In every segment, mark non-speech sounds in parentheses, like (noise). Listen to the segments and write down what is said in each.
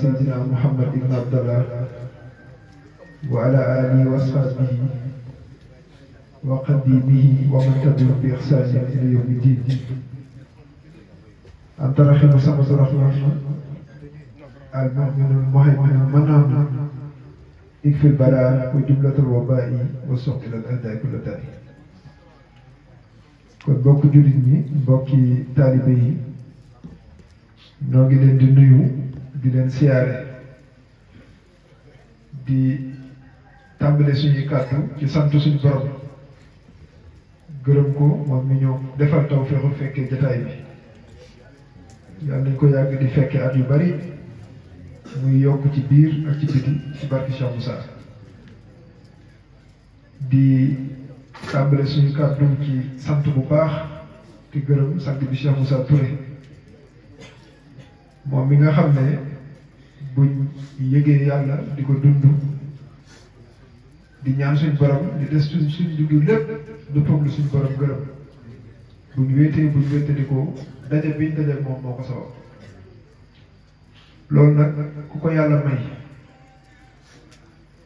سيدنا محمد بن عبد الله وعلى آله وصحبه وقديمه ومن تبعهم بإحسان إلى يوم الدين أنت رحيم سمس الرحمن المؤمن المهيمن المنام اكفي البلاء وجملة الوباء والسوق إلى الأداء كل ذلك kon bokk jullit ñi mbokki taalibe yi ñoo ngi di leen siyaare di tàmbale suñu kàddu ci sant suñu borom gërëm ko moom mi ñëw defal taw feexu fekkee jataay bi yàlla ñu ko yàgg di fekkee at yu bari muy yokk ci biir ak ci biti ci barki Cheikh Moussa di tàmbale suñu kàddu ci sant bu baax di gërëm sant bi Cheikh Moussa Touré moom mi nga xam ne buñ yëgee yàlla di ko dund di ñaan suñ borom di des suñ suñ dund lépp lu lu suñ borom gërëm buñ wéetee buñ wéete di biñ daje moom moo ko sabab loolu nag ku ko yàlla may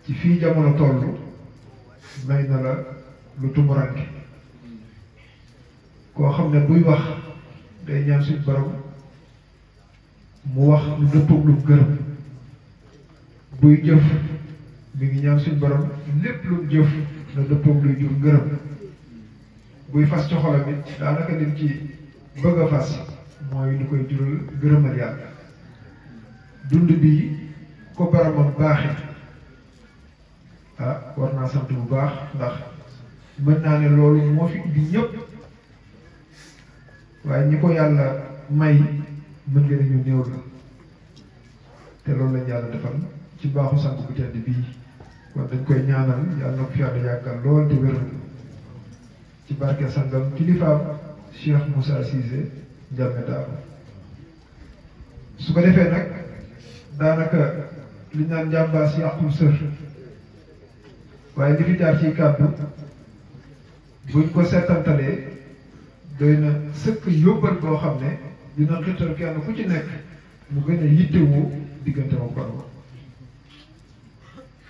ci fii jamono toll may na la lu tumuranke koo xam ne buy wax day ñaan suñ borom mu wax lu dëppoog lu gërëm buy jëf mi ngi ñaan suñ borom lépp lu jëf na dëppoog luy jur ngërëm buy fas ci xolam it daanaka nit ci bëgg a fas mooy lu koy jural gërëmal yàlla dund bi ko boromam baaxee ah war naa sant bu baax ndax mën naa ne loolu moo fi indi ñëpp waaye ñi ko yàlla may mën nga ne ñu néew la te loolu lañ yàlla defal ci baaxu sant bu tedd bii kon dañ koy ñaanal yàlla na ko fi yàlla yàggal lool te wér ci barke sangam kilifaam Cheikh Moussa Cissé Ndiame Daaw su ko defee nag daanaka li ñu naan njàmbaas yàqul sër waaye li fi jaar ci kàddu buñ ko seetantalee doy na sëkk yóbbal boo xam ne dina xital kenn ku ci nekk mu gën a yittewoo diggante moom borom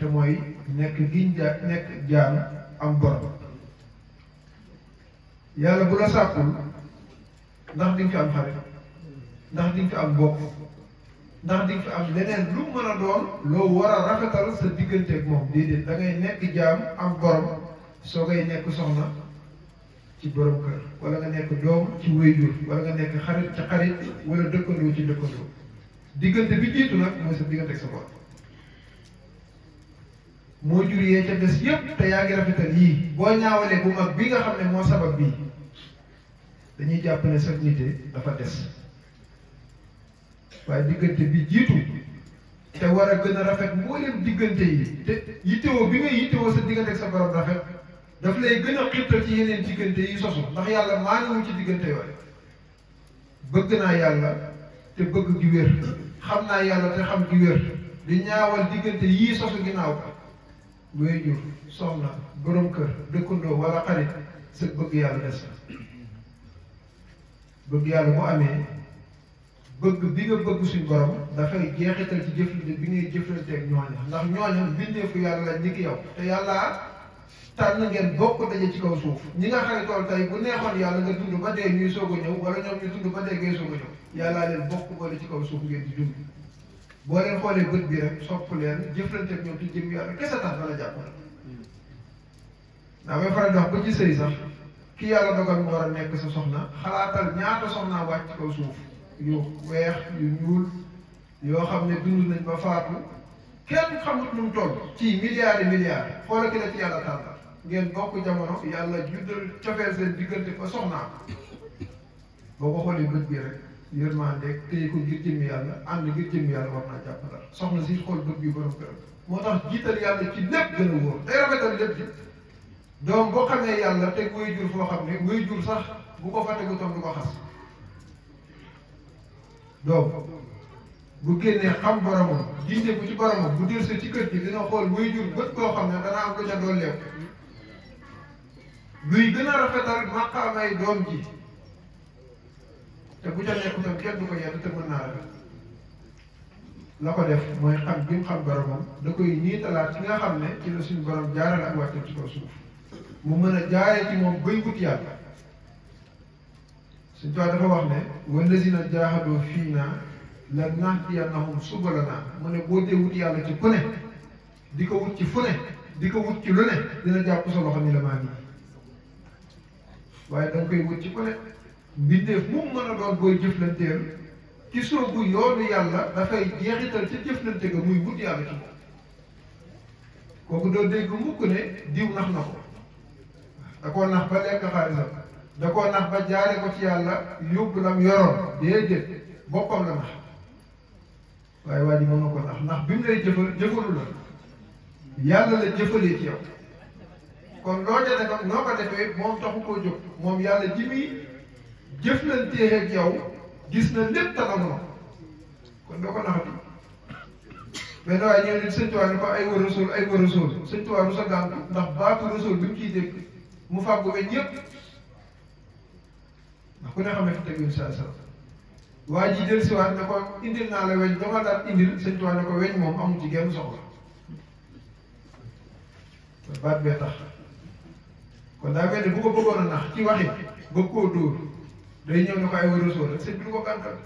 te mooy nekk giñ jaa nekk jaam am borom yàlla bu la sàkkul ndax di nga fi am xarit ndax di fi am mbokk ndax di fi am leneen lu mën a doon loo war a rafetal sa digganteeg moom déedéet da ngay nekk jaam am borom soo ngay nekk soxna ci borom kër wala nga nekk doom ci wéyjur wala nga nekk xarit ci xarit wala dëkkandoo ci dëkkandoo diggante bi jiitu nag mooy sa digganteeg sa borom. moo jur yee ca des yëpp te yaa ngi rafetal yii boo ñaawalee bu mag bi nga xam ne moo sabab bii dañuy jàpp ne sa nite dafa des waaye diggante bi jiitu te war a gën a rafet mboolem diggante yi te yittewoo bi ngay yittewoo sa diggante ak sa borom rafet daf lay gën a xirtal ci yeneen diggante yi sosu ndax yàlla maanawul ci diggante yooyu bëgg naa yàlla te bëgg gi wér xam naa yàlla te xam gi wér di ñaawal diggante yi sosu ginnaaw wéy jur soxna borom kër dëkkandoo wala xarit sa bëgg yàlla des bëgg yàlla bu amee bëgg bi nga bëgg suñ borom dafay jeexital ci jëf jëflante bi ngay jëflanteeg ñooña ndax ñooña bindeefu yàlla la ñi ki yow te yàlla tànn ngeen bokk daje ci kaw suuf ñi nga xaritool tey bu neexoon yàlla nga dund ba dee ñuy soog a ñëw wala ñoom ñu dund ba dee ngay soog a ñëw yàllaa leen bokk boole ci kaw suuf ngeen di dund boo leen xoolee bët bi rek sopp leen jëflante ak ñoom ci jëm yàlla kese tax dana jàppale. ndax may ci sëy sax ki yàlla dogal mu nekk sa soxna xalaatal ñaata soxnaa wàcc ci kaw suuf yu weex yu ñuul yoo xam ne dund nañ ba faatu kenn xamut nu mu toll ci milliards yi milliards xoola ki la ci yàlla tànn ngeen bokk jamono yàlla juddal cofeel seen diggante ba soxnaa boo ko xoolee bët bi rek. yërmande de ko ngir jëmm yàlla ànd ngir jëmm yàlla war naa jàpp dara soxna si xool bët bi borom këram moo tax jiital yàlla ci lépp gën a wóor rafetal lépp ji doom boo xamee yàlla teg way jur foo xam ne way jur sax bu ko fa tegu tam du ko bu génnee xam boromam jiite bu ci boromam bu dir sa ci kër gi dina xool way jur bët koo xam ne dana am ko ca dool leew luy gën a rafetal maqaamay doom te bu ca nekk tam kenn du ko yedd te mën naa rafet la ko def mooy xam bi mu xam boromam da koy niitalaat ci nga xam ne ci la suñu borom jaarale ak wàccam ci kaw suuf mu mën a jaaree ci moom bay wut yàlla suñu toog dafa wax ne wallazina jaahadoo fii naa la nahdiyannahum subulanaa mu ne boo dee wut yàlla ci ku ne di ko wut ci fu ne di ko wut ci lu ne dina jàpp sa loxo ni la maa ngi waaye da koy wut ci ku ne mbindeef mu mën a doon booy jëflanteel ci soobu yoonu yàlla dafay jeexital ca jëflante ga muy wut yàlla ci moom kooku doo dégg mukk ne diw nax na ko da koo nax ba lekk xaalisam da koo nax ba jaare ko ci yàlla yóbbu lam yoroon déedéet boppam la nax waaye waa ji mën ko nax ndax bi mu lay jëfal jëfalu la yàlla la jëfalee ci yow kon loo ca defam noo ko defee moom taxu koo jóg moom yàlla ji jëflantee na lépp taxaw na kon doo ko naxati benn waaye ñëw nit sëñ tubaab ni ko ay wa rasul ay wa rasul sëñ tubaab du sa gàntu ndax baatu rasul bi mu ciy dégg mu fàggu ba ñëpp ndax ku ne xamee fi teg saa saa waa ji jël si waat ne ko indil naa la weñ ba ma daal indil sëñ tubaab ne moom amul ci genn soxla baat bee tax kon daa mel ni bu ko bëggoon waxi bëgg koo dóor day ñëw ne ko ay wa rasul rek sëñ bi lu ko gàntal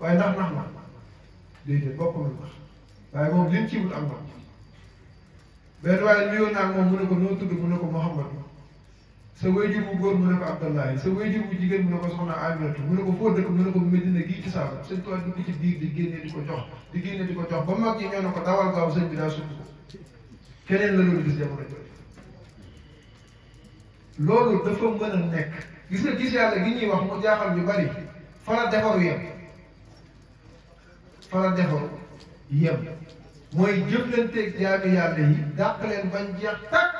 waaye ndax nax na déedéet boppam lu tax waaye moom liñ ci wut am na benn waaye nuyoo naa moom mu ne ko noo tudd mu ne ko Mouhamad sa wayjur bu góor mu ne ko Abdallahi sa wayjur bu jigéen mu ne ko Soxna Aminatu mu ne ko foo dëkk mu ne ko Medina gii ci saaba sëñ Tuubaa dugg ci biir di génne di ko jox di génne di ko jox ba mag yi ñoo ne ko dawal gaaw sëñ bi daa sukk ko keneen la loolu gis jamono jooju loolu dafa mën a nekk. gis nga gis yàlla gi ñuy wax mu jaaxal ñu bari fa la defaru yem fa la defaru yem mooy jëflanteeg yàlla yi dàq leen bañ jeex takk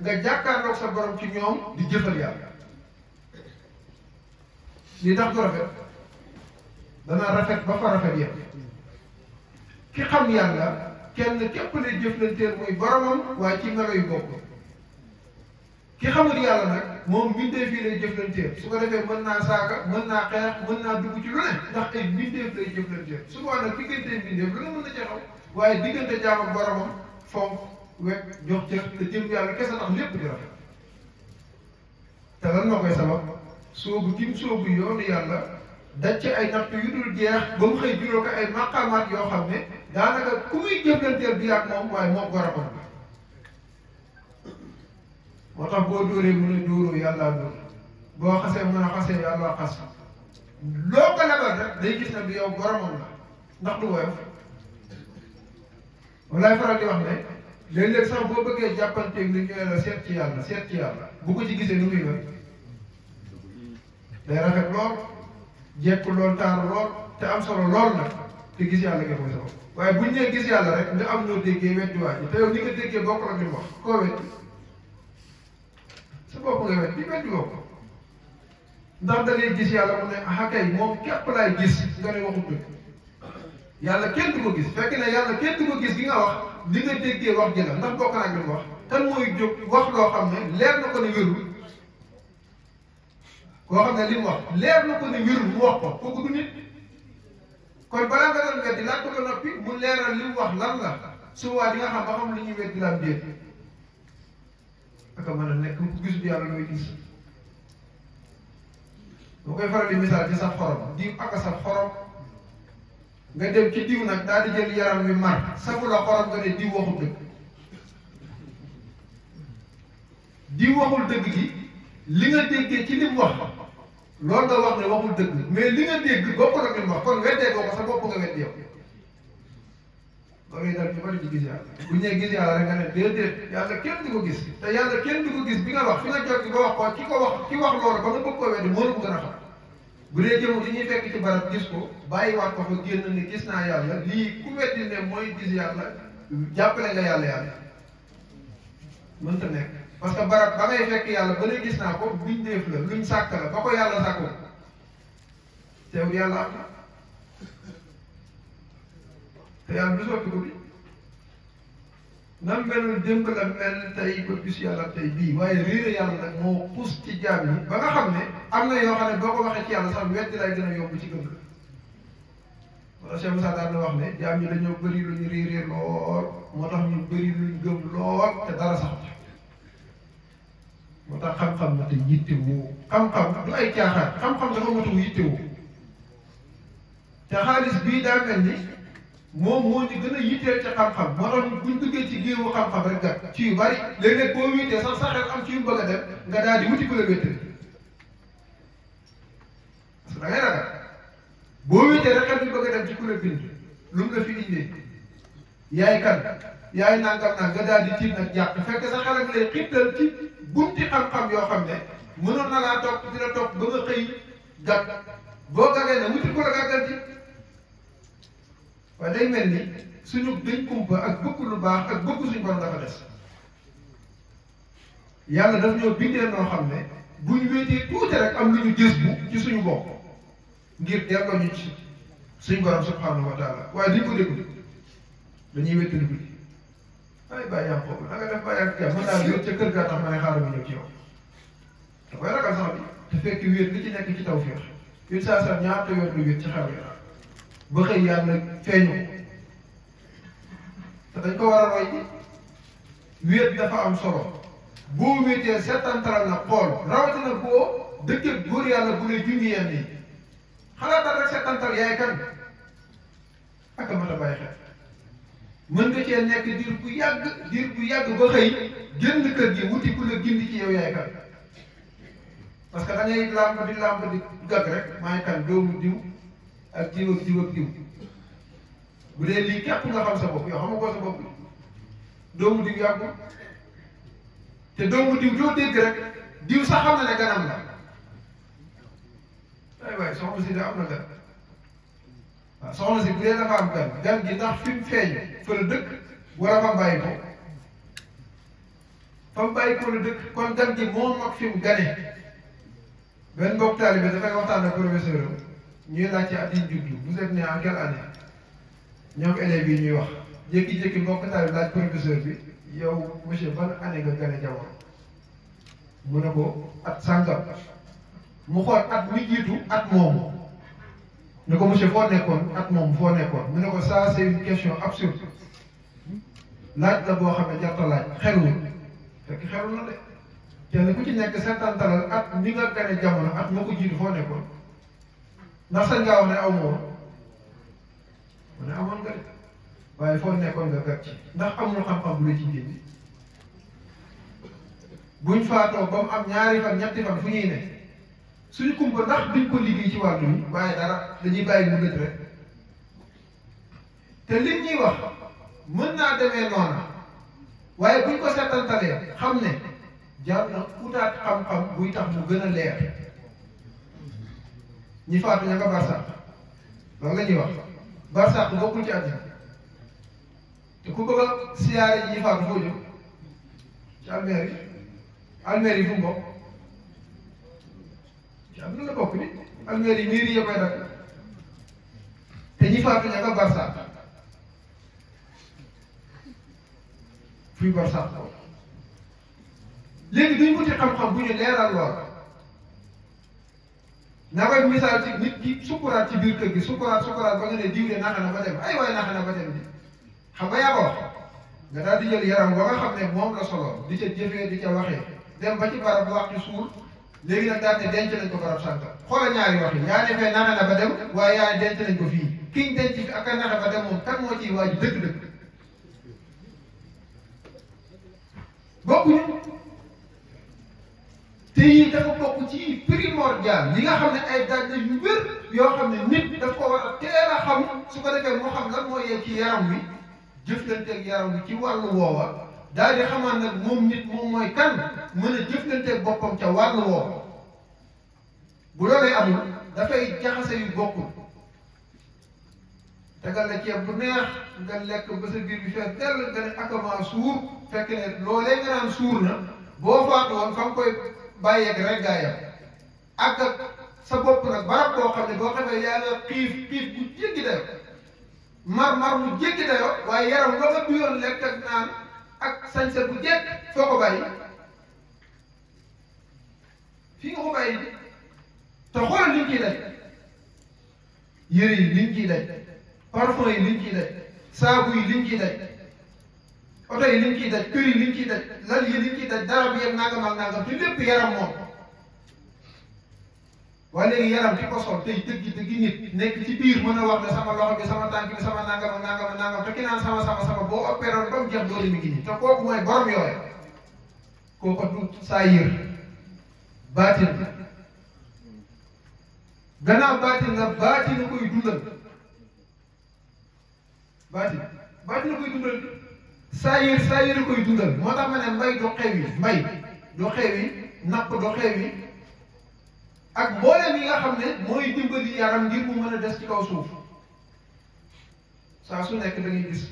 nga jàkkaarloog sa borom ci ñoom di jëfal yàlla li tax du rafet dana rafet ba fa yem ki xam yàlla kenn képp lay jëflanteel muy boromam waaye ci melo yu bokk ki xamul yàlla nag moom mbindeef yi lay jëflanteel su ko defee mën naa saaka mën naa xeex mën naa dugg ci lu ne ndax ay mbindeef lay jëflanteel su ko nag diggante mbindeef lu waaye diggante jaam ak boromam fonk jox cër te jëm yàlla kese lépp di rafet te lan moo koy sabab soobu tim soobu yoonu yàlla daj ci ay naxtu yu dul jeex ba mu xëy jural ko ay maqaamaat yoo xam ne daanaka ku muy jëflanteel bi ak moom waaye moom boromam moo tax boo dóoree mu ne dóoroo yàlla dóor boo xasee mu ne xasee yàlla xas loo ko lebal rek day gis ne bi yow boromam la ndax du woyof walaay faral di wax ne léeg-léeg sax boo bëggee jàppanteeg nit ñu ne la seet ci yàlla seet ci yàlla bu ko ci gisee nu muy mel lool jekk lool taaru lool te am solo lool nag te gis yàlla ngeen mooy sa bopp bu ñu nee gis yàlla rek nga am ñoo déggee weddi waa ji te yow ni nga déggee bokk la ñu wax koo weddi sa bopp nga wet li weddi ko gis yàlla mu ne ah kay moom képp laay gis nga ne waxut dëgg yàlla kenn du ko gis fekk ne yàlla kenn du gis gi nga wax li nga déggee wax ji la ndax bokk naa ñu wax kan mooy jóg wax loo xam ne leer na ko ne wérul koo xam ne li mu wax leer na ko ne wérul mu wax ko kooku du kon balaa nga doon weddi laaj ko ba noppi mu leeral li mu wax lan la su waa nga xam ba xam lu ñuy weddi lan déet aka mën a nekk gis bi yàlla mooy gis boo koy faral di misaal ci saf xorom diw aka saf xorom nga dem ci diw nag daal di jël yaram wi mar safu la xorom nga ne diw waxul dëgg diw dëgg gi li nga déggee ci li mu wax loolu nga wax ne waxul dëgg mais li nga dégg bokkul ak li mu wax kon weddee boo ko sa bopp nga weddi yow ಬಗೆದಾಗಿ ಬಳಿ ಗಿಜಿ ಆದ ಗುಂಜೆ ಗಿಜಿ ಆದ್ರೆ ದೇವ್ದೆ ಯಾರ ಕೆಂದು ಗುಗಿಸ್ ಯಾರ ಕೆಂದು ಗುಗಿಸ್ ಬಿಗ ವಕ್ಕಿನ ಕೆಂದು ಗೋ ಅಪ್ಪ ಕಿಕೋ ಕಿವ ಲೋರ ಬದು ಬಕ್ಕೋ ವೇದಿ ಮೂರು ಮುಗನ ಗುರೇ ಕೆ ಮುಗಿ ನೀ ಫೆಕ್ ci barat gis ko bayyi wat ko genn ni gis na yalla li ku weddi ne moy gis yalla jappale nga yalla yalla mën ta nek parce que barat ba ngay fekk yalla ba lay gis na ko buñ def la luñ sakk la ba ko yalla sakko tew yalla am na te yàlla du soppi ko bi nam meloon démb la mel tey ba bii waaye réere yàlla nag moo xus ci jaam yi ba nga xam ne am na yoo xam ne boo ko waxee ci yàlla sax weddi lay gën a yomb ci gëm la wala Cheikh Moussa daan wax ne jaam ñi dañoo bëri lu ñu réeree lool moo tax ñu bëri lu lool te dara sax moo tax xam-xam la te yittewoo xam-xam du ay caaxaan xam-xam dafa matu yittewoo te xaalis bii daa mel ni moom moo ñu gën a yitteel ca xam-xam moo tax buñ duggee ci géewu xam-xam rek nga ci yu bari léeg-léeg boo wiitee sax saxel am ci yu bëgg a dem nga daal di wuti ku la wéttal parce que da ngay ragal ci ku mu la fi indee yaay xel ak lay xittal ci bunti xam-xam yoo xam ne mënoon na laa topp dina topp ba nga xëy gàtt boo gàggee ne wuti ku la gàggal ci waaye day mel ni suñu dañ kumpa ak bëgg lu baax ak bëgg suñu borom dafa des yàlla daf ñoo bindee noo xam ne buñ wéetee tuuti rek am lu ñu gës bu ci suñu bopp ngir delloo ñu ci suñu borom subhanahu wa taala waaye duñ ko déglu dañuy wéttali guddi ay bàyyi am a nanga def bàyyi ak jàmm mën naa wéet ca kër gaa tax ma xaaral ma ñëw ci yow da koy ragal sax bi fekk wéet li ci nekk ci taw féex une saa saa ñaata yoon lu wéet ci xaal yi ba xëy yàlla feeñu te ko war a dafa am solo boo wéetee seetantal na xool rawatina boo dëkk góor yàlla bu lay junj yenn yi xalaatal rek seetantal yaay kan ak mat a bàyyi xel mën nga cee nekk diir bu yàgg diir bu yàgg ba xëy génn kër gi wuti ku la gindi ci yow yaay kan parce que da ngay làmb di làmb di gàgg rek maay kan doomu diw. ak jiw ak jiw ak jiw bu dee lii képp nga xam sa bopp yoo xamagoo sa bopp doomu diw yàggul te doomu diw doo dégg rek diw sax xam na ne ganam la ay waay soxna si de am na gan waaw soxna si bu dee dafa am gan gan gi ndax fi mu feeñ fa la dëkk wala fa bàyyi ko fa mu bàyyi ko la dëkk kon gan gi moom ak fi mu gane benn mbokk taalibe dafay waxtaan ak professeur ñuy laaj ci at yi juddu vous êtes né en quelle année ñoom élèves yi ñuy wax jékki-jékki mbokk taal laaj professeur bi yow monsieur ban année nga gën a jamono mu ne ko at sangam mu xool at mi jiitu at moomu ne ko monsieur foo nekkoon at moomu foo nekkoon mu ne ko ça c'est une question absurde laaj la boo xam ne jarta laaj xelul fekk xelul na de kenn ku ci nekk seetantalal at mi nga gën a jamono at moo ko jiitu foo nekkoon. ndax sañ ngaa wax ne aw amoon waaye foo nekkoon nga gàcc ndax amul xam-xam bu la ci génne buñ faatoo ba mu am ñaari fan ñetti fan fu ñuy ne suñu kumpa ndax duñ ko liggéey ci wàllu yi waaye dara dañuy bàyyi mu gët rek te liñ ñuy wax mën naa demee noona waaye buñ ko seetantalee xam ne jaar na utaat xam-xam buy tax mu gën a leer ñi faatu ña nga barsàq loolu la ñuy wax barsàq bokkul ci àddina te ku bëgg a siyaare ci almeer yi almeer yi fu mu bokk ci àddina la ni almeer yi miir te ñi faatu ña nga barsàq fuy barsàq léegi duñ wuti xam-xam bu ñu leeral nga koy misaal ci nit ki sukkuraat ci biir kër gi sukkuraat sukkuraat ba nga ne diwle naxa na ba dem ay waaye naxa na ba dem xam nga yaa ko wax nga daal di jël yaram ba nga xam ne moom la solo di ca jëfee di ca waxee dem ba ci barab wax ci suur léegi nag daal ne denc nañ ko barab sànq xoola ñaari wax yi yaa ne fee naxa na ba dem waaye yaa ne denc nañ ko fii kiñ denc fi ak a naxa ba dem moom kan moo ciy waaju dëgg-dëgg bokkuñu te yi dafa bokk ci primordial yi nga xam ne ay daj yu wér yoo xam ne nit daf ko war a teel a xam su ko defee moo xam lan moo yee ci yaram wi jëflanteeg yaram wi ci wàllu woowa daldi di xamaan nag moom nit moom mooy kan mën a jëflanteeg boppam ca wàllu woowa bu loolee amul dafay jaxase yu te tegal la ceeb bu neex nga lekk ba sa biir bi fees dell nga ne akamaa suur fekk ne loolee nga naan suur na boo faatu woon fa nga koy bàyyi ak rek gaayam ak sa bopp nag barab boo xam ne boo xam ne yaa nga xiif xiif bu jéggi dayo mar mar bu jéggi dayo waaye yaram loo lekk ak naan ak sañse bu jekk foo ko bàyyi fii nga ko bàyyi te liñ ciy daj yëre yi liñ ciy daj parfum yi liñ ciy daj saabu yi liñ ciy daj oto yi liñ ciy daj kër yi liñ ciy daj lal yi liñ ciy daj dara bi yem nangam ak nangam ci lépp yaram moom waaye léegi yaram di ko sol tey dëgg dëgg nit nekk ci biir mën a wax ne sama loxo bi sama tànk bi sama nangam ak nangam ak nangam te ki naan sama sama sama boo opéré woon ba mu jeex doole mi ngi nii te kooku mooy borom yooyu kooku saa yër baatin gannaaw baatin la baatin koy dundal baatin baatin koy dundal. saayir saayir koy dundal moo tax ma ne mbay do xew yi mbay do xew yi napp do xew yi ak mboolem yi nga xam ne mooy dimbali yaram ngir mu mën a des ci kaw suuf saa su nekk da gis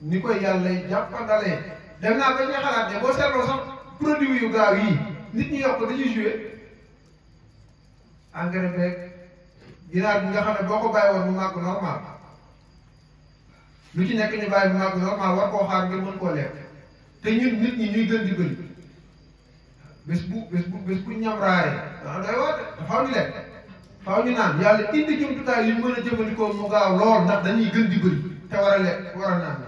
ni koy yàlla jàppandalee dem naa ba ñu xalaat ne boo seetloo sax produit yu gaaw yi nit ñi yokk dañuy joué engrais beeg ginaar bi nga xam ne boo ko bàyyi woon mu màgg normal lu ci nekk ñu bàyyi bi maa ko yor maa war koo xaar ngir mën koo lekk te ñun nit ñi ñuy gën di bëri bés bu bés bu bés ñam raare ah day woote faaw ñu lekk faaw ñu naan yàlla indi jumtukaay yu mën a jëfandikoo mu gaaw lool ndax dañuy gën di bëri te war a lekk war a naan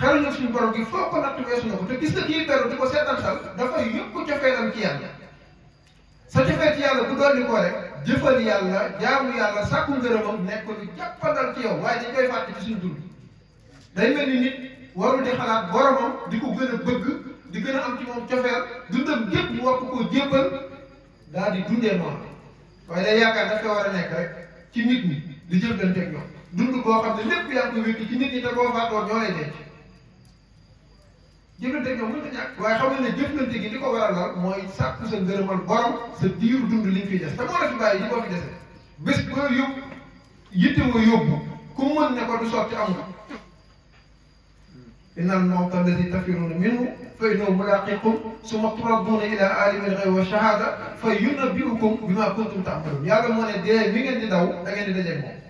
xel ñu suñu borom gi foo ko natt weesu na ko te gis na kii peru di ko seetaan sal dafay yëpp cofeelam ci yàlla sa cofee ci yàlla bu dolli ko rek jëfal yàlla jaamu yàlla sàkku ngërëmam nekk lu jàppandal ci yow waaye dañ koy fàtte ci suñu dund day mel ni nit warul di xalaat boromam di ko gën a bëgg di gën a am ci moom cofeel dundam gépp mu war ko koo jébbal di dundee moom waaye day yaakaar daf ko war a nekk rek ci nit ñi di jëflanteeg ñoom dund boo xam ne lépp yaa ngi ko wékki ci nit ñi te boo faatoo ñoo lay denc jëfante ak ñoom mënut a ñàkk waaye xam nga ne jëfante gi li ko waral daal mooy sàkku sa ngërëmal borom sa diir dund li nga fiy des te moo la fi bàyyi li ko fi dese bés boo yóbbu yitte woo yóbbu ku mën ne ko du sotti am nga إن الموت الذي تفرون منه فإنه ملاقيكم ثم تردون إلى عالم الغيب والشهادة فينبئكم بما كنتم تعملون يا رب من دي مي نغي داو دا غي داجي موم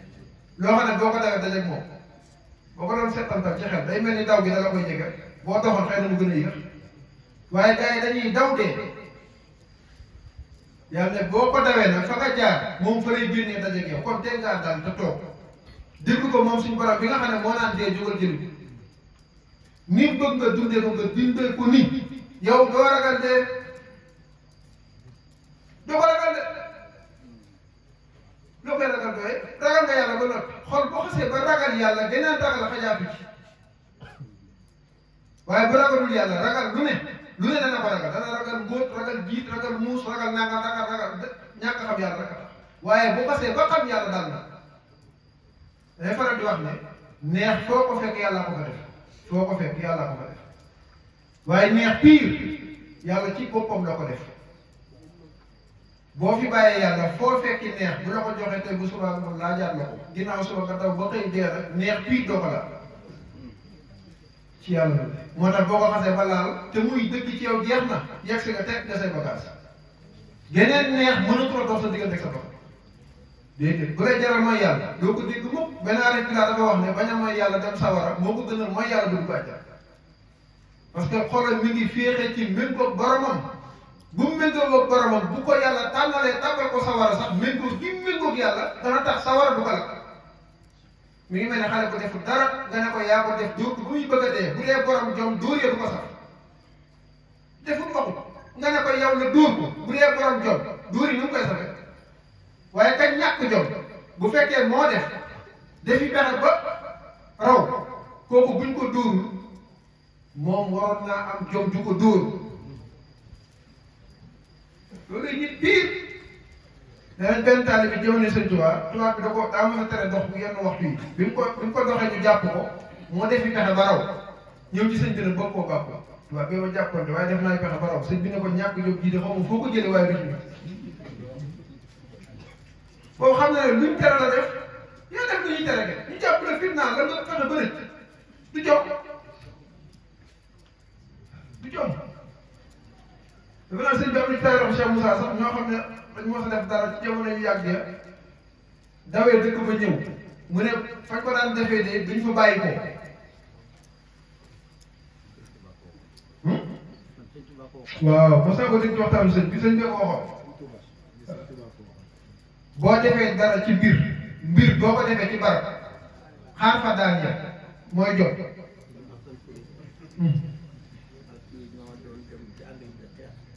لو خنا بوكو دا داجي موم بوكو دون سيتانتا سي خيل داي ملني داو غي دا لا كوي جيغال boo doxoon xëy na mu gën a yéex waaye gars yi dañuy daw dee yàlla ne boo ko dawee nag fa nga jaar moom fa lay génnee dajeeg yow kon dégg ngaa daal te toog dégg ko moom suñu borom bi nga xam ne moo naan dee jógal jël ni bëgg nga dundee ko nga dundee ko ni yow doo ragal dee doo ko ragal de loo koy ragal nga yàlla ba noppi xol boo xasee ba ragal yàlla gënaan ragal xajaatu ci waaye bu yàlla ragal lu ne lu ne dana ko ragal dana ragal ngóot ragal jiit ragal muus ragal nanga ragal ragal ñàkk xam yàlla ragal waaye bu xasee ba xam yàlla daal na day di wax ne neex foo ko fekk yàlla ko ko def foo ko fekk yàlla ko def waaye neex pire yàlla ci boppam la ko def boo fi bàyyee yàlla foo fekki neex bu la ko joxee tey bu subaa nga laajaat la ko ginnaaw suba nga daw neex pire doo ci yàlla moo tax boo ko xasee ba laal te muy dëkk ci yow jeex na yegg si nga teg nga say bagage geneen neex mënatoo dox sa diggante sa bopp déedéet bu lay jaral mooy yàlla doo ko dégg mukk benn arrêté laa dafa wax ne bañ a mooy yàlla dem sawara moo ko gënal parce que xolam mi ngi féexee ci méngoo boromam bu méngoo boromam bu ko yàlla tànnalee tàmbal ko sawara sax méngoo gi méngoo yàlla dana tax sawara du ko mi ngi mel ne xale bu def dara nga ne ko yaa ko def dóor bu muy bëgg a dee bu dee borom jom dóor ya du ko sax deful nga ne ko yow la dóor ko bu dee jom dóor yi nu mu koy saxee waaye kañ ñàkk jom bu fekkee moo def defi pexe ba raw kooku buñ ko dóorul moom waroon naa am jom ju ko dóor loolu nit biir. nee nañ benn taali bi jëmale sëñ Tuubaa Tuubaa bi da ko daa mos a tere dox bu yenn waxtu yi bi ko bi ko doxee ñu jàpp ko moo def fi pexe ba raw ñëw ci sëñ bi nag koo bàpp Tuubaa bi ma jàppoon de waaye def naa pexe ba raw sëñ bi ne ko ñàkk jóg jii de xaw ma foo ko jëlee waaye du boobu xam na ne luñ tere la def yaa def lu ñuy tere ke ñu jàpp ne fitna la nga fexe bëri du jox du jox dafa naan sëñ bi am na ci taarix Cheikh Moussa sax ñoo xam ne dañ mos a def dara ci jamono yu yàgg ya dawee dëkk ba ñëw mu ne fañ ko daan defee de duñ fa bàyyi ko. Hmm? waaw mos naa ko dégg ci waxtaan sëñ bi sëñ bi ko waxoon boo defee dara ci mbir mbir boo ko defee ci barab xaar fa daan ya mooy jot. Hmm.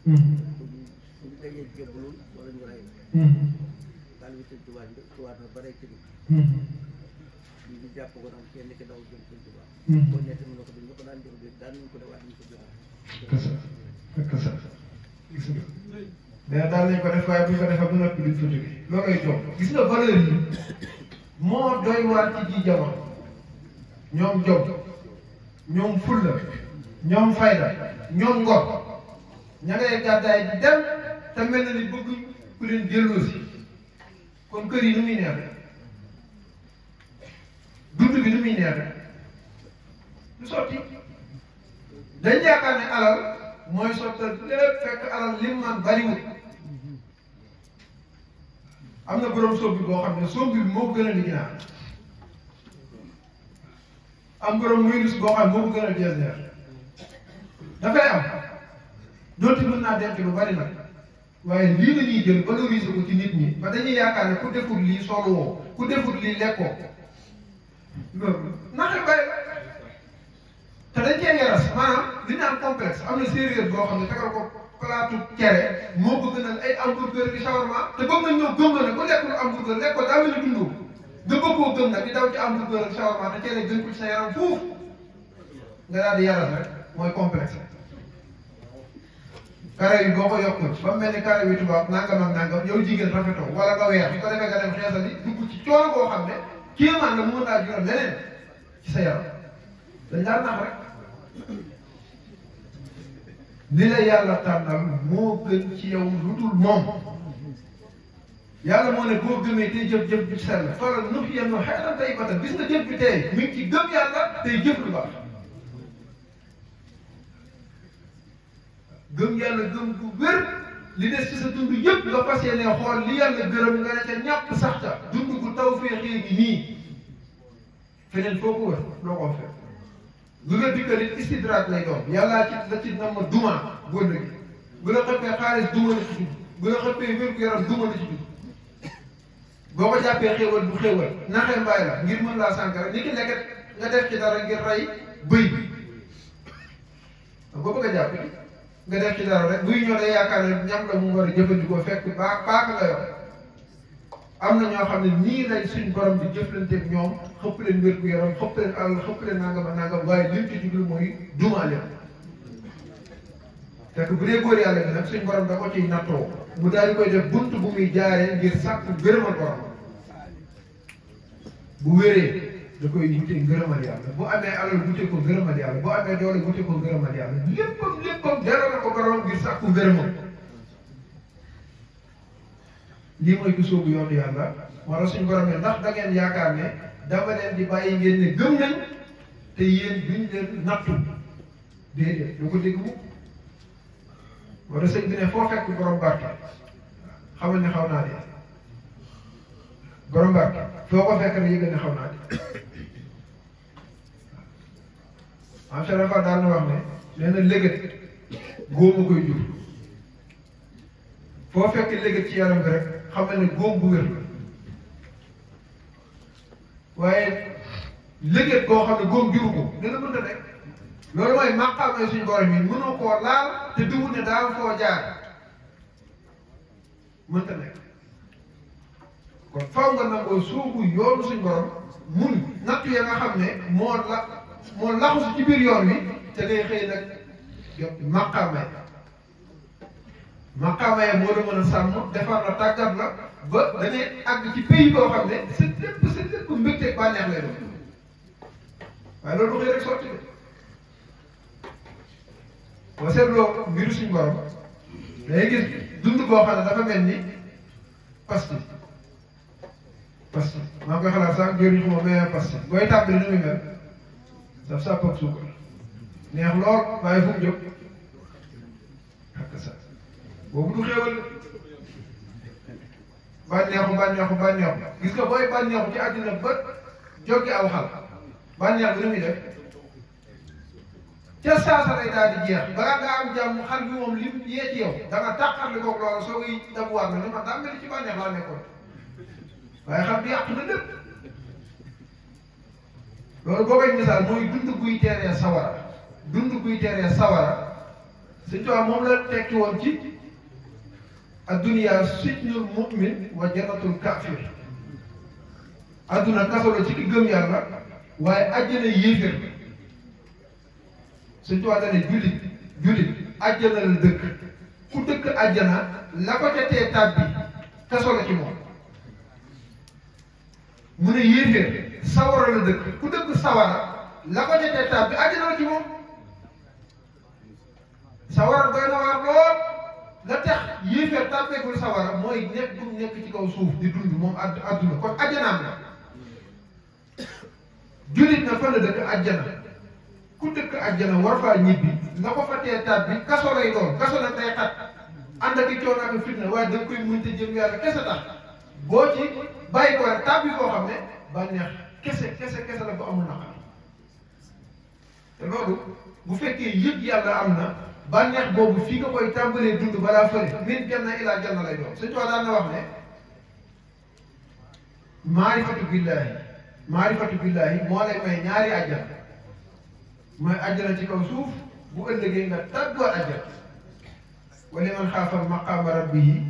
um ñu dajee jébbalul wala ñu ray daal bi sëñ Tuubaa Tuubaa na bare ci bi ñu gis nga mais daal lañ ko def waaye ko defee bu noppi duñ ko jóge loo jox gis nga valeur yi moo doy waar ci ji jamono ñoom jom ñoom fulla ñoom fayda ñoom ngor ña ngay gàddaay di dem te mel na ni bëgg ku leen delloo si kon kër yi nu muy neex dund bi nu muy neex du sotti dañ yaakaar ne alal mooy sottal lépp fekk alal lim man am na borom doonte mën naa denc lu bari nag waaye lii la ñuy jël valoriser ko ci nit ñi ba dañuy yaakaar ne ku defut lii woo ku defut lii lekkoo loolu naxal bari te dañ cee yaras maanaam li naan complexe am ne séeréer boo xam ne tegal ko plaatu cere moo ko gënal ay hamburger di shawarma te bëgg nañ ñoo gëm la ne ku lekkul hamburger lekkoo daa mel ni dundoo nga bëggoo gëm nag di daw ci hamburger ak shawarma te cere gën ko ci sa yaram fuuf nga daal di yaras complexe kare yi boo yokku ci bam melni mel ni kare yu tubaab nangam ak nangam yow jigen rafeto wala nga wer ko defé nga dem xeesal yi dugg ci coono go xam ne kéemaan la mën naa jural leneen ci sa yaram dañ laa nax rek dila yalla tanal mo gën ci yow lu mom yalla mo ne ko gëmé té jëf jëf ci sel fa la yenn xeeran tay bis na jëf bi té mi ci gëm yalla té jëf lu baax gëm yàlla gëm gu wér li des ci sa dund yépp nga fas yéene xool li yàlla gërëm nga ne ca ñàpp sax ca dund gu taw féexee gi nii feneen foo ko wër doo ko fekk lu nga dikkal it istidraat lay doon yàllaa ci la ci nam ma duma góor gi bu la xëppee xaalis duma la ci bi bu la xëppee wér gu yaram duma la ci bi boo ko jàppee xéewal bu xéewal naxee mbaay la ngir mën laa sànq rek ki nekkat nga def ci dara ngir rey bëy boo bëgg a jàpp nga def ci dara rek buy ñëw day yaakaar ne ñam la mu war a jëfandikoo fekk baax baax la yor am na ñoo xam ne nii lañ suñ borom di jëflanteeg ñoom xëpp leen wér gu yaram xëpp leen alal xëpp leen nangam ak nangam waaye liñ ci jublu mooy duumaale fekk bu dee góor yàlla bi nag suñ borom da ko ciy nattoo mu daal di koy def bunt bu muy jaaree ngir sàkk gërëmal borom bu wéree da koy wutee ngërëmal yàlla bu amee alal wutee ko ngërëmal yàlla bu amee doole wutee ko ngërëmal yàlla léppam léppam dara la ko borom ngir sàkku ngërëmam lii mooy ku soobu yoonu yàlla moo tax suñu borom ne ndax da ngeen yaakaar ne dama leen di bàyyi ngeen ne gëm nañ te yéen duñ leen nattu déedéet doo ko dégg mu moo tax ne foo fekk borom barke xamal ne xaw naa de borom barke foo ko fekk ne yëgal ne xaw naa de maam Cheikh Rafa daal na wax ne nee na léget góomu koy jur foo fekk léget ci yaram bi rek ne góom bu wér la waaye léget boo xam ne góom juru ko nee na mën na nekk loolu mooy maqaam suñu borom yi mënoo koo laal te duwut ne daal foo jaar mënta nekk kon faw nga nangoo soobu yoonu suñu borom mun nattu ya nga xam ne moo la moo laxasu ci biir yoon wi te day xëy nag maqaama ya moo la mën defar la tàggat la ba dañuy àgg ci pays boo ne sa lépp sa lépp mbégte bànneex lay doon loolu du xëy rek sotti boo seetloo mbiru suñu borom day gis dund boo xam ne dafa mel ni pastille pastille maa ngi koy xalaat sax jëriñu ma mais pastille booy tàmbali ni muy mel saf saa koog suukar neex lool waaye fu mu jóg xakk sa boobu du xéewal bànneexu bànneexu bànneexu gis nga booy bànneexu ci àddina ba jóge aw xal bànneex bi na muy def ca saasa lay daal di jeex balaa nga am jàmm loolu soo koy dabuwaat na ne ma tàmbali ci bànneex laa nekkoon waaye xam bi yàq na lépp loolu boo koy misaal mooy dund guy teree sawara dund guy teree sawara suñ tubaab moom la tekki woon ci adduniyaa sijnul mu'min wa jannatul kafir adduna kaso ci ki gëm yàlla waaye àjjana yéefér suñ tubaab dane jullit jullit àjjana la dëkk ku dëkk àjjana la ko ca tee tàbbi kaso la ci moom mu ne yéeféer sawara dëkk ku dëkk sawara la ko netee taab bi àjjana ci moom sawara doy na waar lool la tax yéeféer tàbbeekul sawara mooy nekk nekk ci kaw suuf di dund moom addu adduna kon àjjanaam la jullit na fa la dëkk àjjana ku dëkk àjjana war faa ñibbi la ko fa tee taab bi kaso lay doon kaso la ànd ak i coono ak fitna waaye da koy muñ te jëm yàlla kese tax boo ci bàyyi ko rek tàbbi koo xam ne bànneex kese kese kese la bu amul naqar te loolu bu fekkee yëpp yàlla am na bànneex boobu fii nga koy tàmbalee dund balaa fële min janna ilaa janna lay doon suñu tool daan na wax ne maarifatu billaahi maarifatu billaahi moo lay may ñaari àjjana mooy àjjana ci kaw suuf bu ëllëgee nga tàggoo àjjana wa liman xaafa maqaama rabbihi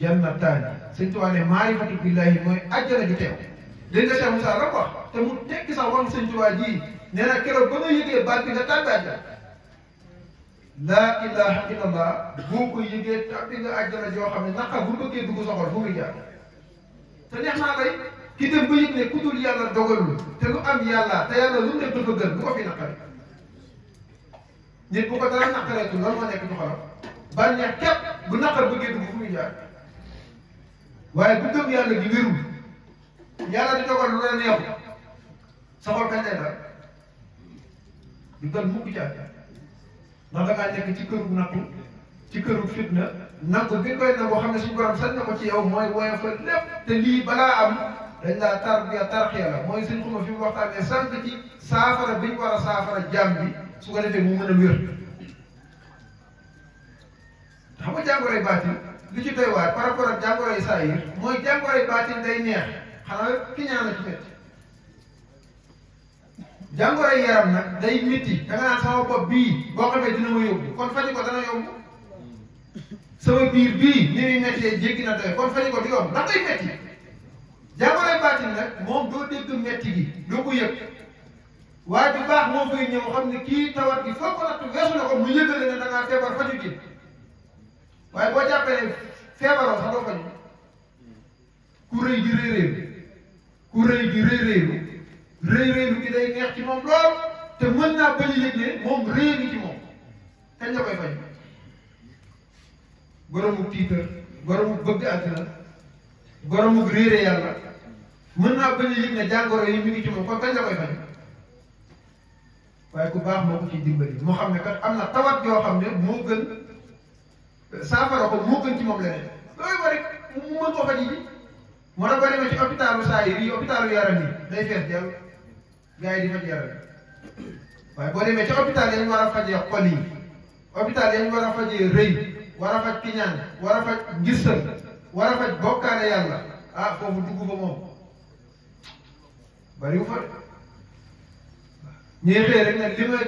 jannataani Sëñ Tuubaa ne maarifati billaahi mooy àjjana ju teew dégg nga Cheikh Moussa la wax te mu tekki sax wan Sëñ Tuubaa ji nee na keroog ba nga yëgee baat bi nga tàbbi laa ilaaha illallah boo ko yëgee tàbbi nga àjjana joo xam ne naqar bu bëggee dugg sa xol fu muy te neex naa lay ki dem ne ku dul yàlla dogalul te lu am yàlla te yàlla lu mu def dafa gën bu ko fi naqari nit bu ko dara naqareetul lan moo nekk ci xolam bànneex képp bu naqar bëggee dugg fu waaye bu gëm yàlla gi wérul yàlla di dogal lu la neexu sa xol kañ lay dal du dal mukk ca ndax da ngaa nekk ci këru nattu ci këru fitna nangu bi koy nangu xam ne suñu borom sañ na ko ci yow mooy woyof fa te lii balaa am dañ laa tarbiya tarxiya la mooy suñ xuma fi mu waxtaanee sànq ci saafara biñ war a saafara jàmm bi su ko defee mu mën a wér xam nga jàngoro baati li ci doy waar par rapport ak jàngoro yi saa yi mooy jàngoro yi baatin day neex xanaa ki ñaan la ci métti jàngoro yi yaram nag day nga naan sama bopp bii boo xamee dina ma yóbbu kon faji ko dana yóbbu sama biir bii ni muy méttee na doy kon faji ko du yomb ndax day métti jàngoro yi baatin nag moom doo dégg métti gi doo ko yëg waaye bu baax moo koy ñëw xam ne kii tawat bi foo ko nattu weesu na ko mu yëgale ne da ngaa feebar faji gi waaye boo jàppee ne feebaroo sax doo ko ku rëy di rëy rëylu ku rëy di rëy rëylu rëy rëylu gi day neex ci moom lool te mën naa bañ a yëg ne moom rëy gi ci moom kañ la koy faj boromu tiitar boromu bëgg àddina boromu réere yàlla mën naa bañ a yëg ne jàngoro yi mi ngi ci moom kon kañ koy faj waaye ku baax moo ko ciy dimbali moo xam ne kat am na tawat yoo xam ne moo gën saafara ko moo gën ci moom leneen loolu moo rek mu mën ko faj ji moo tax ba demee ci hôpitalu saa yi bii hôpitalu yaram yi day fees jàll gars yi di faj yaram waaye boo demee ci hôpital war a fajee xol yi hôpital war a fajee rëy war a faj kiñaan war a faj gisal war a faj bokkaale yàlla ah foofu dugg bariwu fa ñee xëy rek li ma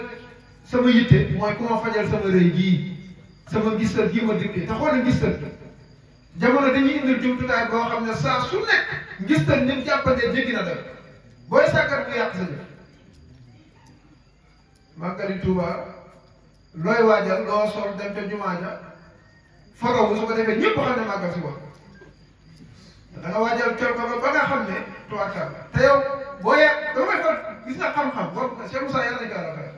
sama yitte mooy ku ma fajal sama rëy gii sama gisal gi ma dindi te xoolal gisal bi jamono dañuy indil jumtukaay boo xam ne saa su nekk gisal ñun jàppante jéggi na dara booy sàkkat bu yàq sa ko defee ñëpp xam ne màggal si wax da nga waajal col ko ba nga xam ne tuwaatkaat te yow boo yàq dama koy far gis nga xam-xam boobu Cheikh Moussa yàlla na ko yàlla fay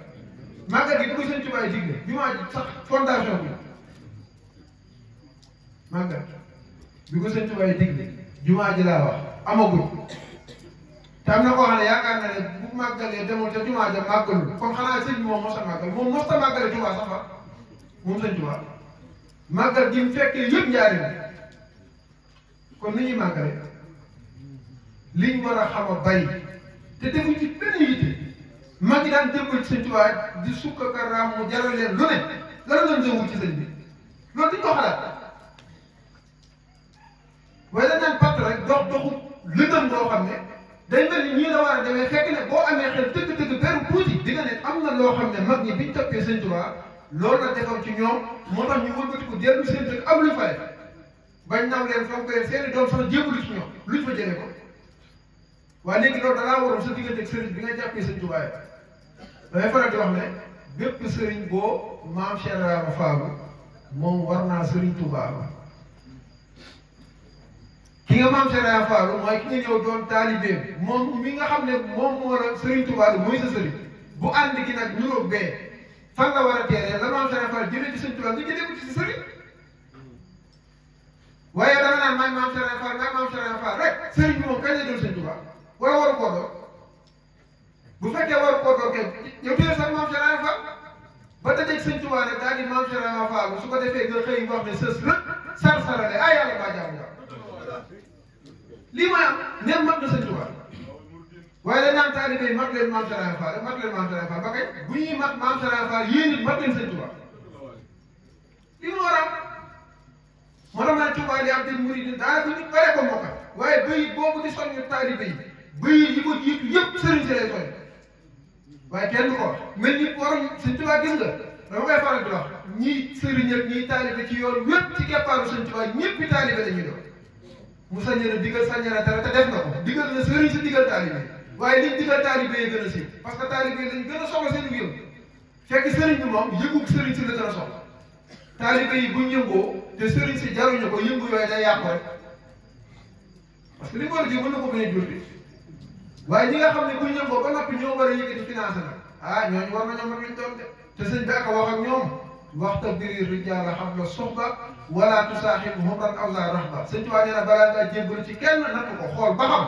màggal gi di ko seen Tuuba digle jumaa ji sax fondation bi màggal bi ko sëñ Tuubaa dig jumaa ji laa wax amaguñ te am na koo xam ne yaakaar na ne bu màggalee demul te jumaa ja màggalul kon xanaa sëñ bi moom mos a màggal moom mos a màggale jumaa sax fa moom sëñ Tuubaa màggal gi mu fekkee yëpp njaareel kon ni ñuy màggale liñ war a xam a bay te defuñ ci benn yitte mag ñi daan jëmbal ci sëñ Tuubaa di sukk ak raam mu lu ne lan lañ doon wut ci sëñ bi loolu dañ ko xalaat. mooy la naan patt rek dox doxu loo xam ne day mel ni ñii la war a fekk ne boo amee xel dëgg-dëgg beru tuuti di nga ne am na loo xam ne mag ñi biñ toppee sëñ Tuubaa loolu la defoon ci ñoom moo tax ñu wëlbatiku dellu seen dëkk am lu fay bañ naw leen fonk leen seeni doom sax jéem lu ci ñoom luñ fa jëlee ko waaye léegi loolu dalaa waroon sa diggante ak sëriñ bi nga jàppee sëñ Tuubaa damay faral di wax ne bépp sëriñ boo maam Cheikh Ibra Fall moom war ki nga maam Cheikh Ibra Fall mooy ki nga ñëw doon taalibeem moom mi nga xam ne moom moo la Serigne Touba mooy sëriñ bu ànd gi nag ñu roog bee fan nga war a teeree la maam Cheikh Ibra Fall naan maay maam Cheikh Ibra Fall rek sëriñ bi moom kañ jël Serigne Touba wala waru koo doon bu fekkee waru koo doon kay yow teel sax maam Cheikh Ibra Fall ba dajeeg Serigne Touba nag daal maam Cheikh Ibra Fall su ko defee nga xëy wax ne sës la sar sarale ah yàlla baa jaamu lii mooy am même mat na sëñ Tuubaa waaye dañ naan taalibe yi mat leen maam Saraay Faal mat leen maam Saraay Faal ba kay bu ñuy mat maam Saraay Faal yéen it mat leen sëñ Tuubaa lii moo waral moo tax naan Tuubaa li am te murid daanaka nit bare ko mokka waaye bayit boobu di soññ taalibe yi bayit yi ko jiitu yëpp sëriñ si lay soñ waaye kenn du ko wax mel ni waroon sëñ Tuubaa gis nga dama koy faral di wax ñii sëriñ ak ñii taalibe ci yoon wépp ci keppaaru sëñ Tuubaa ñëpp taalibe la ñuy doon mu sañee na digal sañee na dara te def na ko digal na sëriñ si digal taalibe waaye liñ digal taalibe yi gën a siiw parce que taalibe yi dañ gën a soxla seen yëngu fekk sëriñ si a soxla taalibe yëngoo te sëriñ si jaruñu ko yëngu yooyu day yàqu rek parce que li war a ji mën ko bañ a jur bi waaye ñi nga xam ne buñ yëngoo ba noppi ñoo ko a yëkkati finance nag ah ñooñu war nañoo mën luñ doon de te sëñ bi ak a wax ak ñoom waxta biri rijaala xam la soxba ولا تصاحبهم رك الله رحمة سنت وادي أنا بلا ذا جيب بقول شيء كأنه نتوقع خال بعام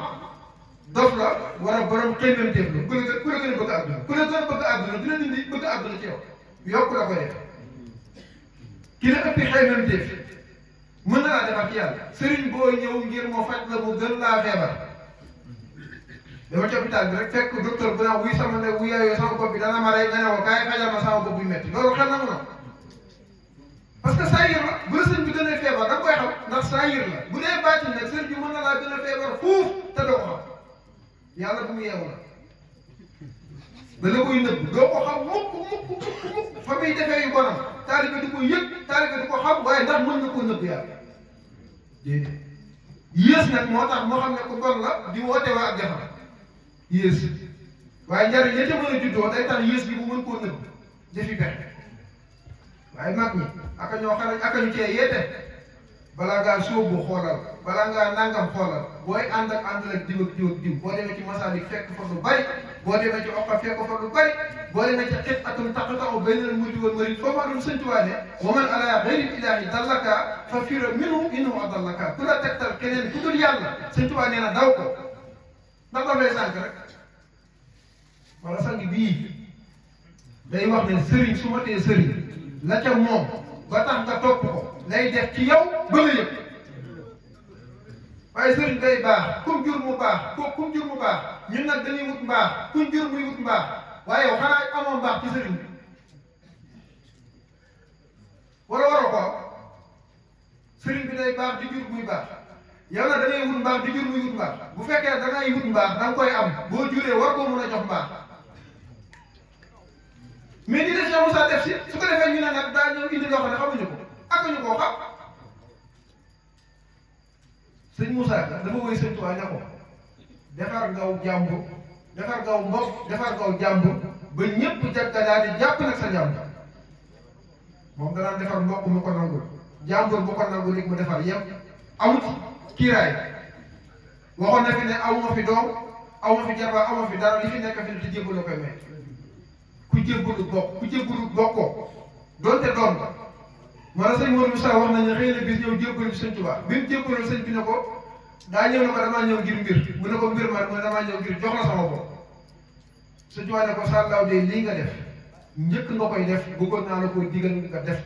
دفلا ورا برام قيمة تبلو كل كل كل بقى عبدنا كل كل بقى عبدنا دين دين بقى عبدنا كيو يوم كل خير كنا أبي حي من تبلو من هذا المكان سرين بوي يوم غير مفاد لمو دلنا خبر لما تبي تعرف فك دكتور بنا ويسا من ويا يسا وكبيرنا مراي لنا وكاي حاجة مساو كبيمتي نور خلنا منه parce que saa yër la bu la bi gën a feebar da nga koy xam ndax saa yër la bu dee baatin nag sëñ bi mën na laa gën a feebar fuuf te doo ko xam yàlla bu mu yeewu la dana koy nëbb doo ko xam mukk mukk mukk mukk fa muy defee yu bonam taalibe di yëg taalibe xam waaye ndax mën na koo nëbb yàlla déedéet yées nag moo tax moo xam ne ku bon la di woote waa ak jafe yées waaye njariñ ya ca mën a juddoo day tax bi bu mën koo nëbb defi pexe waaye mag ñi aka ñoo xarañ aka ñu cee yeete balaa ngaa sóobu xoolal balaa ngaa nangam xoolal booy ànd ak ànd la diw ak diw ak diw fekk fa lu bari boo demee ci oqal fekk fa lu bari boo demee marit foofu atum sëntuwaane wa man ala xayri ilaahi dallaka fa fira minhu innahu adallaka ku la tegtal keneen ku dul yàlla sëntuwaane na daw ko ndax dafay sànq rek wala sànq bii day wax ne sëriñ su ma tee la ca moom ba tax nga topp ko lay def ci yow ba la yëg waaye sëriñ day baax kum jur mu baax kum jur mu baax ñun nag dañuy wut mbaax kum jur muy wut mbaax waaye yow xanaa amoon mbaax ci sëriñ bi wala waroo ko sëriñ bi day baax di jur muy baax yow nag da ngay wut mbaax di jur muy wut mbaax bu fekkee da ngay wut mbaax da koy am boo juree war koo mën a jox mbaax mais di def yow def si su ko defee ñu ne nag daa ñëw indi loo xam ne xamuñu ñu koo xam sëñ Moussa dafa woy sëñ Tuubaa ne ko defar ngaw jàmbur defar ngaw mbokk defar ngaw jàmbur ba ñëpp jag daal di jàpp nag sa jàmbur moom danaan defar mbokk mu ko nangul jàmbur bu ko nangul rek mu defar yëpp amut kiiraay waxoon na fi ne aw fi doom aw fi jabar aw fi dara li fi nekk fi ne te koy may. ku jéggalu bokk ku jéggalu bokkoo doonte doon la a la sëñ Mor Moussa wax nañ xëy na bis ñëw jéggalu sëñ Tuubaa bi mu jéggalul sëñ bi ne ko daa ñëw ne ko damaa ñëw ngir mbir mu ne ko mbir ma damaa ñëw ngir jox na sama bopp sëñ Tuubaa ne ko sàllaaw de lii nga def njëkk nga koy def bëggoon naa la ko digal nga def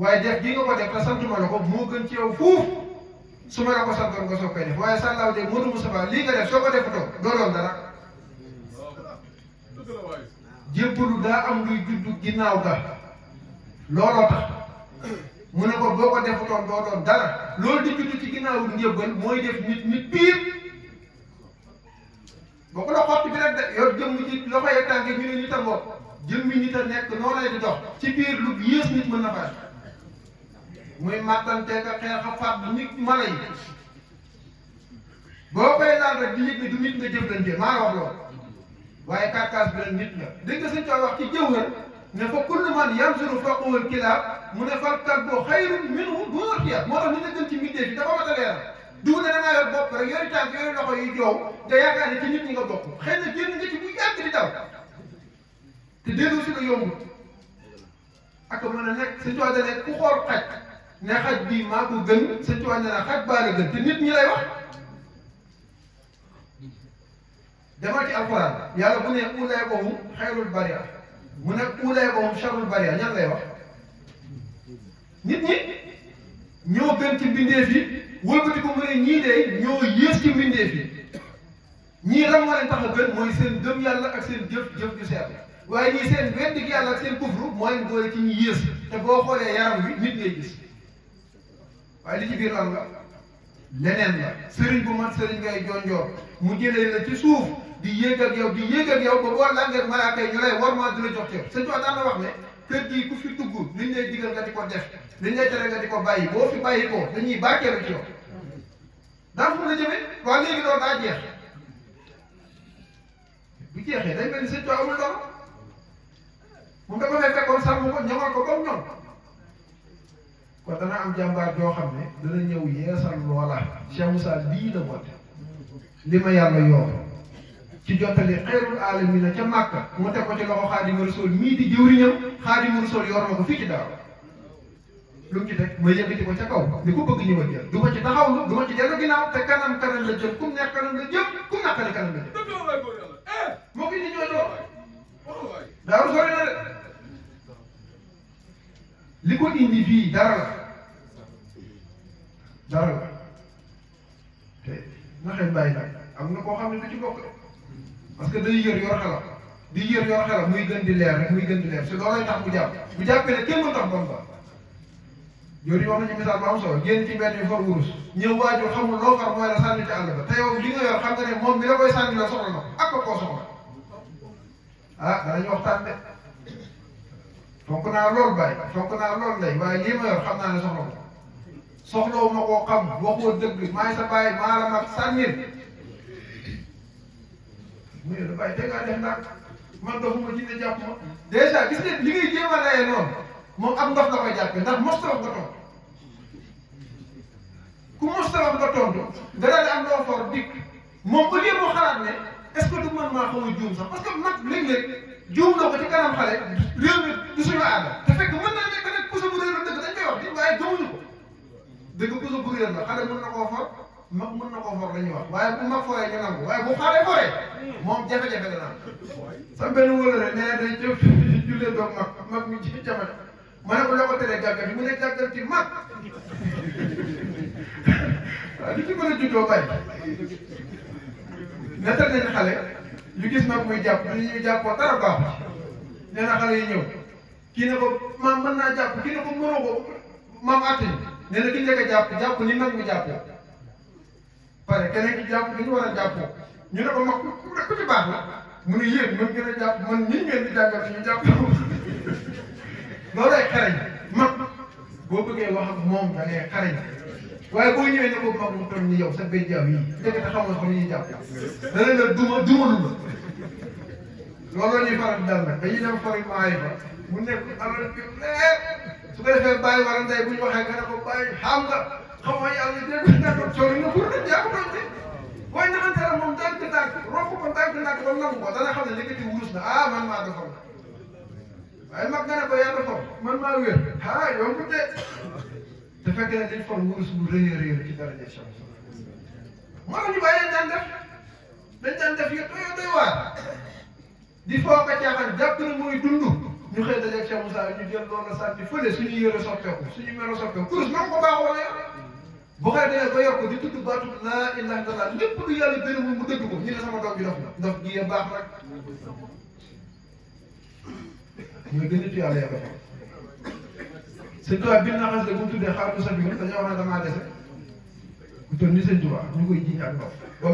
waaye def gi nga ko def te santuma la ko moo gën ci yow fuuf su ma la ko santoon nga soog koy def waaye sàllaaw de Modou Moussa lii nga def soo ko def doon dara jébbalu daa am luy juddu ginnaaw ga looloo tax mu ne ko boo ko defutoon doo doon dara loolu di juddu ci ginnaaw njébbal mooy def nit nit piir boo ko la xotti bi rek de yor jëmm ji loxo yi tànk ñu ne nit a ngoog jëmmi nit a nekk noo lay di dox ci biir lu yées nit mën na fay muy màttante ka xeex a faat nit mala yi boo koy laal rek di nit ni du nit nga jëflante maa wax loolu waaye karkaas bi nag nit la dégg nga sëñ Tuubaa wax ci jëwër ne fa kullu man yanzuru faqul kilaab mu ne fal kalbu xayrun moo tax ñu ne gën ci middee bi dafa mat a leeral dugg na da ngaa yor bopp rek yooyu tànk yooyu loxo yu joow nga yaakaar ne ci nit ñi nga bokk xëy na génn nga ci bu yàgg di daw te déllu si la yomb ak mën a nekk sëñ Tuubaa dana ku xool xaj ne xaj bii maa ko gën sëñ Tuubaa ne la xaj baa la gën te nit ñi lay wax demal ci alquran yàlla bu ne ulaayka hum xayrul bariya mu ne ulaayka hum sharrul bariya ñan lay wax nit ñi ñoo gën ci mbindeef yi wëlbati ko mu ne ñii de ñoo yées ci mbindeef yi ñii lan moo leen tax gën mooy seen gëm yàlla ak seen jëf jëf ju seet waaye ñii seen weddi gi yàlla ak seen kufru moo leen boole ci ñu yées te boo xoolee yaram wi nit ngay gis waaye li ci biir lan la leneen la sëriñ bu mat sëriñ ngay jonjoor mu jëlee la ci suuf di yéeg ak yow di yéeg ak yow ba boo làngeeg malaaka yi ñu lay war maa di la jox cër sëñ bi daan na wax ne kër gii ku fi dugg liñ lay digal nga di ko def liñ lay tere nga di ko bàyyi boo fi bàyyi ko dañuy bàkkeelu ci yow daa mun a jëmee waaye léegi loolu daa jeex bu jeexee day mel ni sëñ bi amul loolu moom dafa fay fekkoon sàmm ko ñoŋal ko ba mu ñoŋ kon dana am jàmbaar joo xam ne dana ñëw yeesal loola Cheikh Moussa lii la woote li ma yàlla yoon. ci jottali xeerul aalamina ca Màkka mu teg ko ci loxo xaadimu rasul mii di jëwriñam xaadimu rasul yor na ko fii ci daaw lu mu ci teg ma yëkkati ko ca kaw ni ko bëgg ñëwal jël du ma ci taxaw du ma ci dellu ginnaaw te kanam kanam la jëm kum neex kanam la jëm kum naqari kanam la jëm moo ko indi ñoo daaru sori na de ko indi fii dara la dara la te naxee bàyyi nag am na koo xam ne du ci parce que day yër yor xelam di yër yor xelam muy gën gën di leer si loolay tax bu jàpp bu jàppee ne kenn mën tax bon ba yooyu wax nañu misaal bu génn ci mbedd mi for wurus ñëw waajur xamul loo far mooy la sànni ci àll ba te yow li nga yor xam nga ne moom bi la koy sànni la soxla na ak ko koo soxla ah danañu waxtaan de fonk naa lool bàyyi fonk naa lool lay waaye lii ma yor xam naa ko soxlawu ma koo xam waxoo dëgg sa bàyyi maa la mag sànnil mu ne la waaye tey def ndànk man doxuma ci ne jàpp ma dèjà gis ngeen li ngay jéem a layee noonu moom am ndox la koy jàppee ndax mos la wax nga tontu ku mos la wax nga tontu nga daal di am loo for dikk moom au lieu mu xalaat ne est-ce que man maa xaw a juum sax parce mag léeg-léeg juum na ko ci kanam xale du suñu aada te fekk naa nekk nag puso bu réer la dëgg dañ koy wax di waaye gëmuñu ko dëgg puso bu réer la xale mën na koo for. mag mën na koo for dañuy wax waaye bu mag foree ñu nangu waaye bu xaaree foree moom jafe-jafe dana am sa benn wóor la nee day jëf (laughs) jullee doom mag mag mu ci jafe ma ko loo ko teree mu ne gàggal ci mag (laughs) waaw li ci mën a juddoo bari nettal nañ xale gis mag muy jàpp du ñuy jàppoo dara baax nee na xale yi ñëw ne ko maam mën naa jàpp kii ne ko mënoo ko maam àttin nee na ki njëkk a jàpp jàpp mag mu jàppoo pare keneen ki jàpp ni ñu war a jàppoo ñu ne ko mag ku ci baax la mu ne yéen man gën a jàpp man ñii ngeen di jàngal fi ñu jàpp loolu ay xarañ mag boo bëggee wax ak moom da ngay xarañ waaye boo ñëwee ne ko mag mu toll ni yow sa béy jaww yi ndekete xamoo ko ni ñuy jàpp dana la duma dumalu la loolu la ñuy faral dal nag dañuy dem fari maayi fa mu nekk alal bi leer su ko defee bàyyi waran day bu ñu waxee nga ne ko bàyyi xam nga xaw ma yàlla dégg nga tàggat coono nga pour dem yaa ko doon teg booy naxante la moom tànk tànk romb ko tànk tànk ba nangu ko dana xam ne léegi wurus na ah man maa defoon waaye mag nga ne ko yaa defoon man maa wér ah yombut de te fekk na dañ foog wurus bu rëy a rëy ci dara des choses moo tax ñu bàyyi daan def dañ daan def yëpp doyoo doy waar di foog a caaxaan jàpp na muy dund. ñu xëy dajeeg Cheikh Moussa ñu jël loolu la sànni fële suñu yëre soppeeku suñu melo soppeeku kurus na ko baaxoo la bu xëy demee ba yokk di tudd baatu laa ilaaha illallaah lépp lu yàlla gërëm mu dëgg ko ñu ne sama doom bi dox na ndox gi baax rek ñu gën a tuyaat la yàlla sëñ Tuubaa bi na de xaar bu sa biir dañoo wax ne damaa dese ku toll ni sëñ Tuubaa ñu koy ji ak ndox ba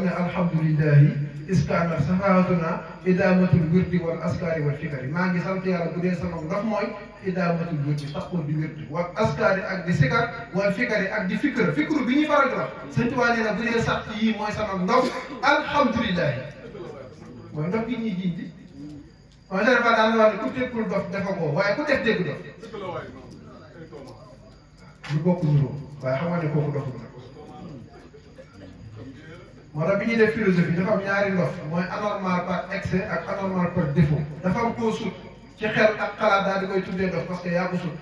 mu ne istaana safaatuna idaamatul wirdi wal askaari wal fikari maa ngi sant yàlla bu dee sama ndox mooy idaamatul wirdi taxul di wirdi wal askaari ak di sikar wal fikari ak di fikra fikru bi ñuy faral di wax na bu dee sax yii mooy sama ndox alhamdulilah mooy ndox gi ñuy jiñ di mooy seen fa daan wax ne ku tekkul dof dafa ko waaye ku def dégg dof du bokk nuroo waaye moo tax bi ñuy def philosophie dafa am ñaari ndox mooy anormal par excès ak anormal par défaut. dafa am koo sut ci xel ak xalaat daal di koy tuddee ndox parce que yaa ko sut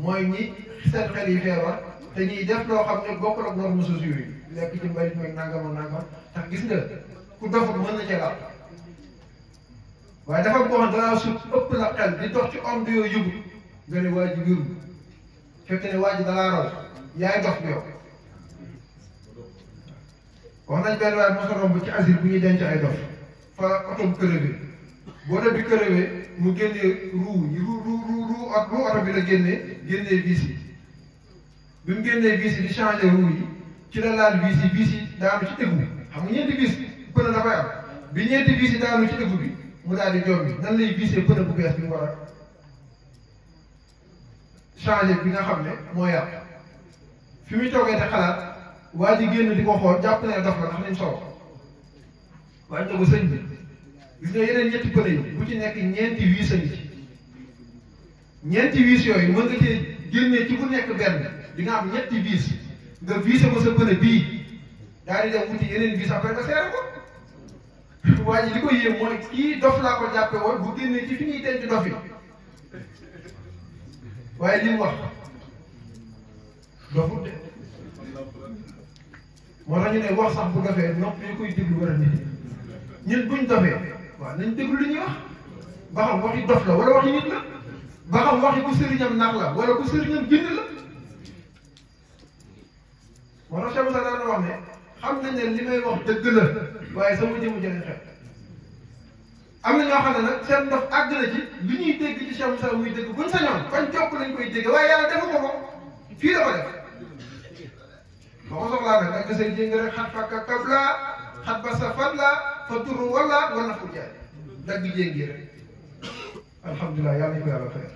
mooy ñi seen xel yi feebar te ñuy def loo xam ne na ak normes sociaux yi lekk ci mbalit mooy nangamoon nangam tax gis nga ku dofut mën na cee laal waaye dafa am xam danaa sut ëpp la xel di dox ci onde yooyu yëngu nga ne waa ji fekk ne waa ji yaay dox bi yow. wax nañ benn waaye mos a romb ci asile bu ñuy denc ay dof fa oto bu kërëbee boo dee bi kërëbee mu génnee ruu ñu ruu ruu ruu ruu oto bi la génnee génnee vis yi bi mu génnee vis yi di changé ruu yi ci la laal vis yi vis yi daanu ci tegu bi mu daal di jom bi nan lay pën a bu bees bi mu war a changé bi nga xam ne moo yàq fi muy toogee te xalaat waa ji génn di ko xool jàpp ne dof la ndax nañ solo waaye ñu ko sëñ bi gis nga yeneen ñetti pëne yi bu ci nekk ñeenti wiis a ngi ñeenti wiis yooyu mën nga cee génnee ci ku nekk benn dinga am ñetti wiis nga wiise ko sa pëne bii daal di dem wuti yeneen wiis après nga seere ko (laughs) waa ji li ko yéem mooy kii dof laa ko jàppe woon bu génnee ci fi ñuy denc dof yi waaye li mu wax dofut moo tax ñu ne wax sax bu dafee nopp ñu koy déglu war a nit ñun buñ dafee waaw nañ déglu li ñuy wax ba xam waxi dof la wala waxi nit la ba xam waxi ku sëriñam nax la wala ku sëriñam génn la moo tax Cheikh Moussa xam nañ ne li may wax dëgg la waaye sama jëmu jëlee xel am na ñoo xam ne na seen ndox àgg na ci li ñuy dégg ci Cheikh Moussa muy dégg buñ sañoon fañ jokk nañ koy dégg waaye yàlla defu ko ko fii la boo ko soxlaa nag da nga see jéng rek xat fakka kab laa xat ba sa fan laa fa turu wala wala fu jaay dagg jéngi rek alhamdulilah yàlla ñu ko yàlla fay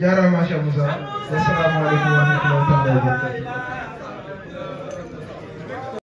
jaaraama Cheikh Moussa wasalaamaaleykum wa rahmatulah wa barakatuh